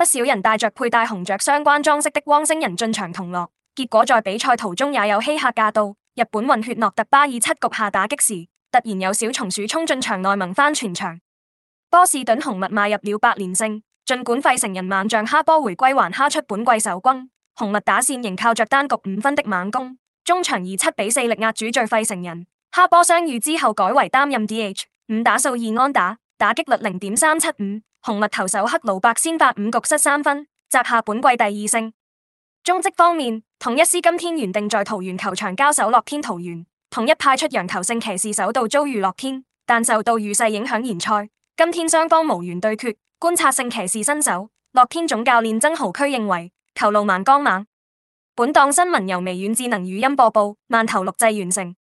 不少人帶着佩戴紅雀相關裝飾的汪星人進場同樂，結果在比賽途中也有稀客駕到。日本混血諾特巴爾七局下打擊時，突然有小松鼠衝進場內萌翻全場。波士頓紅襪邁入了八連勝，儘管費城人猛將哈波回歸還哈出本季首轟，紅襪打線仍靠着單局五分的猛攻，中場以七比四力壓主隊費城人。哈波傷癒之後改為擔任 DH，五打數二安打。打擊率零點三七五，紅襪投手黑魯伯先發五局失三分，摘下本季第二勝。中職方面，統一獅今天原定在桃園球場交手樂天桃園，統一派出洋球聖騎士首度遭遇樂天，但受到雨勢影響延賽，今天雙方無緣對決。觀察聖騎士新手樂天總教練曾豪區認為，球路蠻剛猛。本檔新聞由微軟智能語音播報，慢投錄製完成。